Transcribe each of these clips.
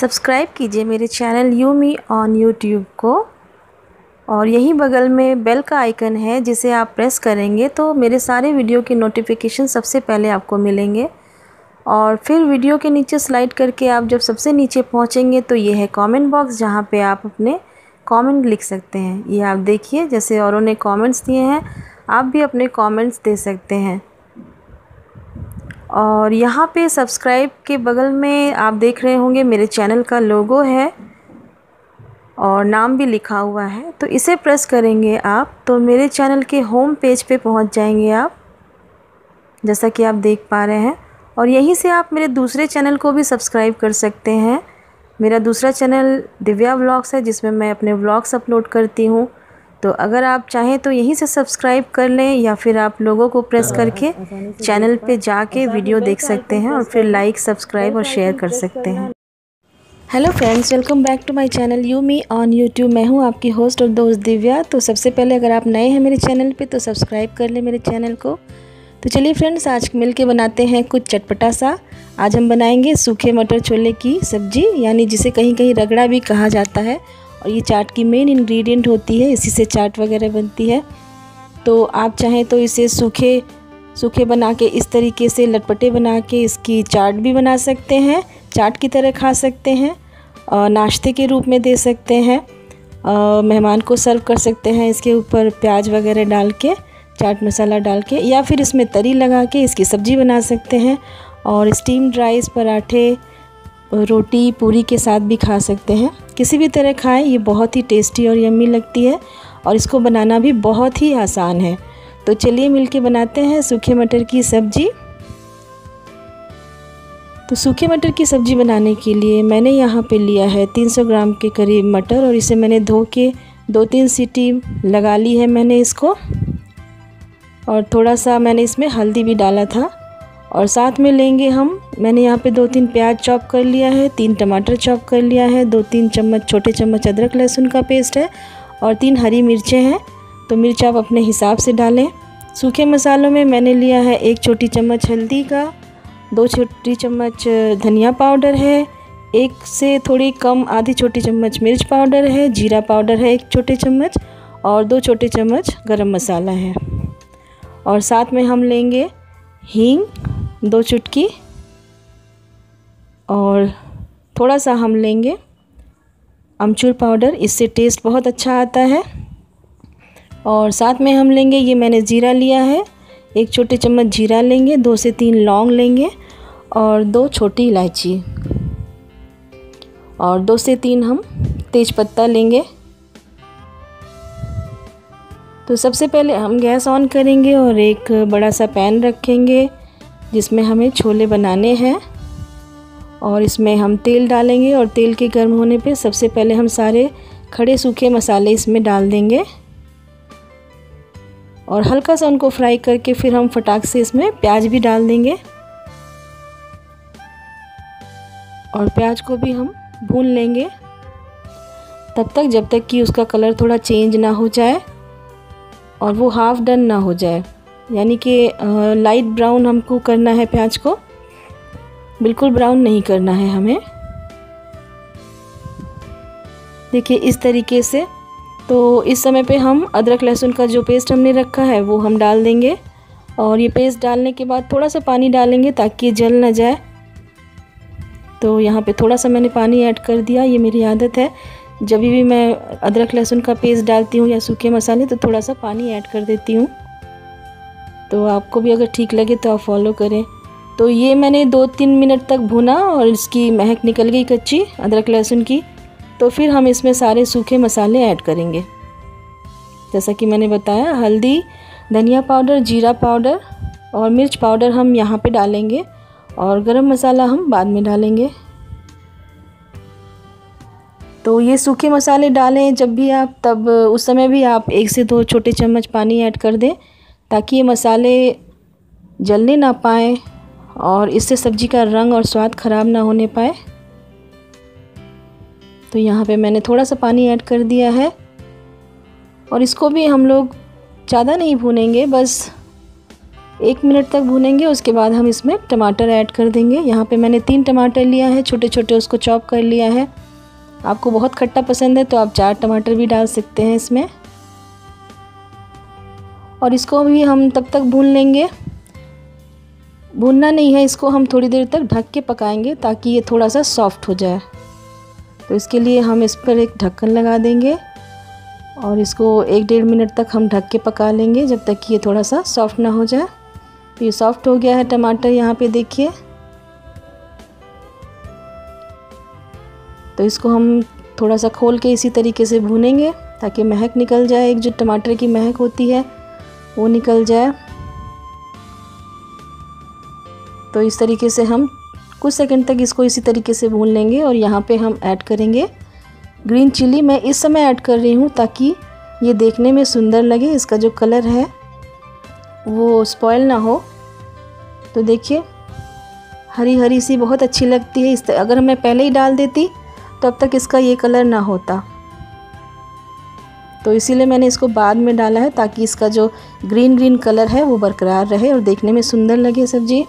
Subscribe कीजिए मेरे channel you me on YouTube को और यहीं बगल में बेल का आइकन है जिसे आप प्रेस करेंगे तो मेरे सारे वीडियो के नोटिफिकेशन सबसे पहले आपको मिलेंगे और फिर वीडियो के नीचे स्लाइड करके आप जब सबसे नीचे पहुंचेंगे तो ये है कमेंट बॉक्स जहाँ पे आप अपने कमेंट लिख सकते हैं ये आप देखिए जैसे औरों ने कमेंट्स दिए हैं आप भी अपने कमेंट्स दे सकते हैं और यहाँ पे सब्सक्राइब के बगल में आप देख रहे होंगे मेरे चैनल का लोगो है और नाम भी लिखा हुआ है तो इसे प्रेस करेंगे आप तो मेरे चैनल के होम पेज पे पहुँच जाएंगे आप जैसा कि आप देख पा रहे हैं और यहीं से आप मेरे दूसरे चैनल को भी सब्सक्राइब कर सकते हैं मेरा दूसरा चैनल दिव्या ब्लॉग्स है जिसमें मैं अपने व्लॉग्स अपलोड करती हूँ तो अगर आप चाहें तो यहीं से सब्सक्राइब कर लें या फिर आप लोगों को प्रेस हाँ। करके चैनल पे जाके वीडियो देख सकते हैं और फिर लाइक सब्सक्राइब और शेयर कर सकते हैं hello friends welcome back to my channel you me on YouTube मैं हूं आपकी होस्ट और दोस्त दिव्या तो सबसे पहले अगर आप नए हैं मेरे चैनल पे तो सब्सक्राइब कर लें मेरे चैनल को तो चलिए फ्रेंड्स आज मिल के बनाते हैं कुछ चटपटा सा आज हम बनाएंगे सूखे मटर छोले की सब्जी यानी जिसे कहीं कहीं रगड़ा भी कहा जाता है और ये चाट की मेन इंग्रेडिएंट होती है इसी से चाट वगैरह बनती है तो आप चाहें तो इसे सूखे सूखे बना के इस तरीके से लटपटे बना के इसकी चाट भी बना सकते हैं चाट की तरह खा सकते हैं और नाश्ते के रूप में दे सकते हैं मेहमान को सर्व कर सकते हैं इसके ऊपर प्याज वगैरह डाल के चाट मसाला डाल के या फिर इसमें तरी लगा के इसकी सब्ज़ी बना सकते हैं और स्टीम राइस पराठे रोटी पूरी के साथ भी खा सकते हैं किसी भी तरह खाएं ये बहुत ही टेस्टी और यम्मी लगती है और इसको बनाना भी बहुत ही आसान है तो चलिए मिलके बनाते हैं सूखे मटर की सब्ज़ी तो सूखे मटर की सब्ज़ी बनाने के लिए मैंने यहाँ पे लिया है 300 ग्राम के करीब मटर और इसे मैंने धो के दो तीन सीटी लगा ली है मैंने इसको और थोड़ा सा मैंने इसमें हल्दी भी डाला था और साथ में लेंगे हम मैंने यहाँ पे दो तीन प्याज चॉप कर लिया है तीन टमाटर चॉप कर लिया है दो तीन चम्मच छोटे चम्मच अदरक लहसुन का पेस्ट है और तीन हरी मिर्चें हैं तो मिर्च आप अपने हिसाब से डालें सूखे मसालों में मैंने लिया है एक छोटी चम्मच हल्दी का दो छोटी चम्मच धनिया पाउडर है एक से थोड़ी कम आधी छोटी चम्मच मिर्च पाउडर है जीरा पाउडर है एक छोटे चम्मच और दो छोटे चम्मच गरम मसाला है और साथ में हम लेंगे हींग दो चुटकी और थोड़ा सा हम लेंगे अमचूर पाउडर इससे टेस्ट बहुत अच्छा आता है और साथ में हम लेंगे ये मैंने जीरा लिया है एक छोटे चम्मच जीरा लेंगे दो से तीन लौंग लेंगे और दो छोटी इलायची और दो से तीन हम तेज पत्ता लेंगे तो सबसे पहले हम गैस ऑन करेंगे और एक बड़ा सा पैन रखेंगे जिसमें हमें छोले बनाने हैं और इसमें हम तेल डालेंगे और तेल के गर्म होने पे सबसे पहले हम सारे खड़े सूखे मसाले इसमें डाल देंगे और हल्का सा उनको फ्राई करके फिर हम फटाक से इसमें प्याज भी डाल देंगे और प्याज को भी हम भून लेंगे तब तक जब तक कि उसका कलर थोड़ा चेंज ना हो जाए और वो हाफ़ डन ना हो जाए यानी कि लाइट ब्राउन हमको करना है प्याज को बिल्कुल ब्राउन नहीं करना है हमें देखिए इस तरीके से तो इस समय पे हम अदरक लहसुन का जो पेस्ट हमने रखा है वो हम डाल देंगे और ये पेस्ट डालने के बाद थोड़ा सा पानी डालेंगे ताकि जल ना जाए तो यहाँ पे थोड़ा सा मैंने पानी ऐड कर दिया ये मेरी आदत है जब भी मैं अदरक लहसुन का पेस्ट डालती हूँ या सूखे मसाले तो थोड़ा सा पानी ऐड कर देती हूँ तो आपको भी अगर ठीक लगे तो आप फॉलो करें तो ये मैंने दो तीन मिनट तक भुना और इसकी महक निकल गई कच्ची अदरक लहसुन की तो फिर हम इसमें सारे सूखे मसाले ऐड करेंगे जैसा कि मैंने बताया हल्दी धनिया पाउडर जीरा पाउडर और मिर्च पाउडर हम यहाँ पे डालेंगे और गरम मसाला हम बाद में डालेंगे तो ये सूखे मसाले डालें जब भी आप तब उस समय भी आप एक से दो छोटे चम्मच पानी ऐड कर दें ताकि ये मसाले जलने ना पाए और इससे सब्ज़ी का रंग और स्वाद ख़राब ना होने पाए तो यहाँ पे मैंने थोड़ा सा पानी ऐड कर दिया है और इसको भी हम लोग ज़्यादा नहीं भूनेंगे बस एक मिनट तक भूनेंगे उसके बाद हम इसमें टमाटर ऐड कर देंगे यहाँ पे मैंने तीन टमाटर लिया है छोटे छोटे उसको चॉप कर लिया है आपको बहुत खट्टा पसंद है तो आप चार टमाटर भी डाल सकते हैं इसमें और इसको भी हम तब तक भून लेंगे भूनना नहीं है इसको हम थोड़ी देर तक ढक के पकाएंगे ताकि ये थोड़ा सा सॉफ्ट हो जाए तो इसके लिए हम इस पर एक ढक्कन लगा देंगे और इसको एक डेढ़ मिनट तक हम ढक के पका लेंगे जब तक कि ये थोड़ा सा सॉफ्ट ना हो जाए तो ये सॉफ्ट हो गया है टमाटर यहाँ पे देखिए तो इसको हम थोड़ा सा खोल के इसी तरीके से भूनेंगे ताकि महक निकल जाए एक जो टमाटर की महक होती है वो निकल जाए तो इस तरीके से हम कुछ सेकंड तक इसको इसी तरीके से भून लेंगे और यहाँ पे हम ऐड करेंगे ग्रीन चिली मैं इस समय ऐड कर रही हूँ ताकि ये देखने में सुंदर लगे इसका जो कलर है वो स्पॉयल ना हो तो देखिए हरी हरी सी बहुत अच्छी लगती है इस अगर मैं पहले ही डाल देती तो अब तक इसका ये कलर ना होता तो इसीलिए मैंने इसको बाद में डाला है ताकि इसका जो ग्रीन ग्रीन कलर है वो बरकरार रहे और देखने में सुंदर लगे सब्ज़ी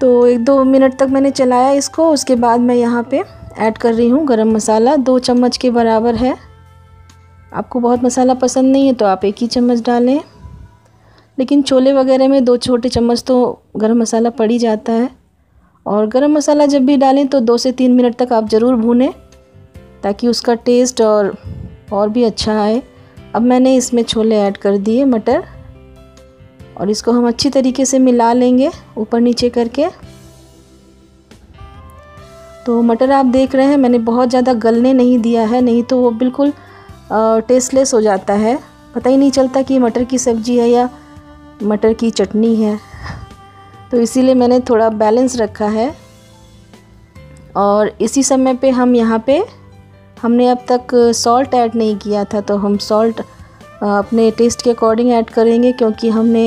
तो एक दो मिनट तक मैंने चलाया इसको उसके बाद मैं यहाँ पे ऐड कर रही हूँ गरम मसाला दो चम्मच के बराबर है आपको बहुत मसाला पसंद नहीं है तो आप एक ही चम्मच डालें लेकिन छोले वगैरह में दो छोटे चम्मच तो गर्म मसाला पड़ ही जाता है और गर्म मसाला जब भी डालें तो दो से तीन मिनट तक आप ज़रूर भूनें ताकि उसका टेस्ट और और भी अच्छा आए अब मैंने इसमें छोले ऐड कर दिए मटर और इसको हम अच्छी तरीके से मिला लेंगे ऊपर नीचे करके तो मटर आप देख रहे हैं मैंने बहुत ज़्यादा गलने नहीं दिया है नहीं तो वो बिल्कुल टेस्टलेस हो जाता है पता ही नहीं चलता कि मटर की सब्ज़ी है या मटर की चटनी है तो इसीलिए मैंने थोड़ा बैलेंस रखा है और इसी समय पे हम यहाँ पे हमने अब तक सॉल्ट ऐड नहीं किया था तो हम सॉल्ट अपने टेस्ट के अकॉर्डिंग ऐड करेंगे क्योंकि हमने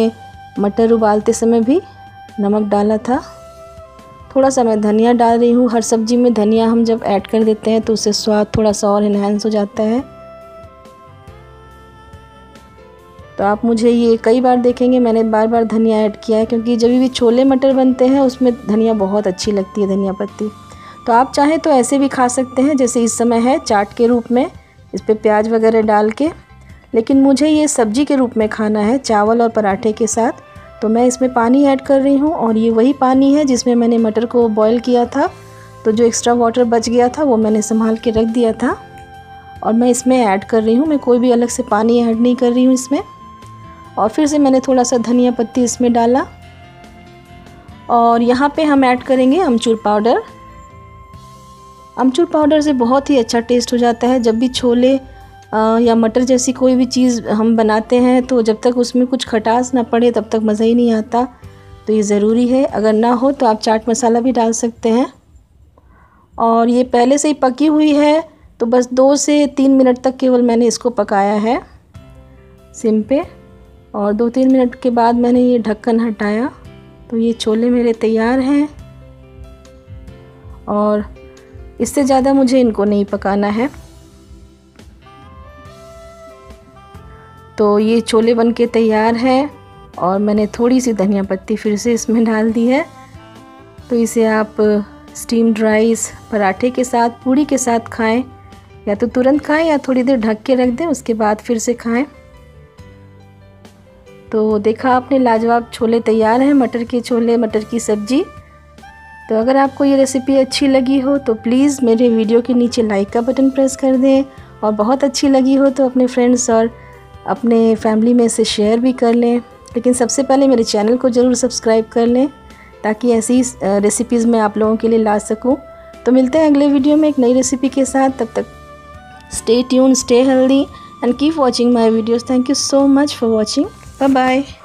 मटर उबालते समय भी नमक डाला था थोड़ा सा मैं धनिया डाल रही हूँ हर सब्ज़ी में धनिया हम जब ऐड कर देते हैं तो उससे स्वाद थोड़ा सा और इन्हेंस हो जाता है तो आप मुझे ये कई बार देखेंगे मैंने बार बार धनिया ऐड किया है क्योंकि जब भी छोले मटर बनते हैं उसमें धनिया बहुत अच्छी लगती है धनिया पत्ती तो आप चाहें तो ऐसे भी खा सकते हैं जैसे इस समय है चाट के रूप में इस पर प्याज वगैरह डाल के लेकिन मुझे ये सब्जी के रूप में खाना है चावल और पराठे के साथ तो मैं इसमें पानी ऐड कर रही हूँ और ये वही पानी है जिसमें मैंने मटर को बॉईल किया था तो जो एक्स्ट्रा वाटर बच गया था वो मैंने संभाल के रख दिया था और मैं इसमें ऐड कर रही हूँ मैं कोई भी अलग से पानी ऐड नहीं कर रही हूँ इसमें और फिर से मैंने थोड़ा सा धनिया पत्ती इसमें डाला और यहाँ पे हम ऐड करेंगे अमचूर पाउडर अमचूर पाउडर से बहुत ही अच्छा टेस्ट हो जाता है जब भी छोले या मटर जैसी कोई भी चीज़ हम बनाते हैं तो जब तक उसमें कुछ खटास ना पड़े तब तक मज़ा ही नहीं आता तो ये ज़रूरी है अगर ना हो तो आप चाट मसाला भी डाल सकते हैं और ये पहले से ही पकी हुई है तो बस दो से तीन मिनट तक केवल मैंने इसको पकाया है सिम पे और दो तीन मिनट के बाद मैंने ये ढक्कन हटाया तो ये छोले मेरे तैयार हैं और इससे ज़्यादा मुझे इनको नहीं पकाना है तो ये छोले बन के तैयार है और मैंने थोड़ी सी धनिया पत्ती फिर से इसमें डाल दी है तो इसे आप स्टीम्ड राइस पराठे के साथ पूड़ी के साथ खाएं या तो तुरंत खाएं या थोड़ी देर ढक के रख दें उसके बाद फिर से खाएं तो देखा आपने लाजवाब छोले तैयार हैं मटर के छोले मटर की सब्ज़ी तो अगर आपको ये रेसिपी अच्छी लगी हो तो प्लीज़ मेरे वीडियो के नीचे लाइक का बटन प्रेस कर दें और बहुत अच्छी लगी हो तो अपने फ्रेंड्स और अपने फैमिली में इसे शेयर भी कर लें लेकिन सबसे पहले मेरे चैनल को ज़रूर सब्सक्राइब कर लें ताकि ऐसी रेसिपीज़ मैं आप लोगों के लिए ला सकूँ तो मिलते हैं अगले वीडियो में एक नई रेसिपी के साथ तब तक stay tune stay healthy and keep watching my videos thank you so much for watching bye bye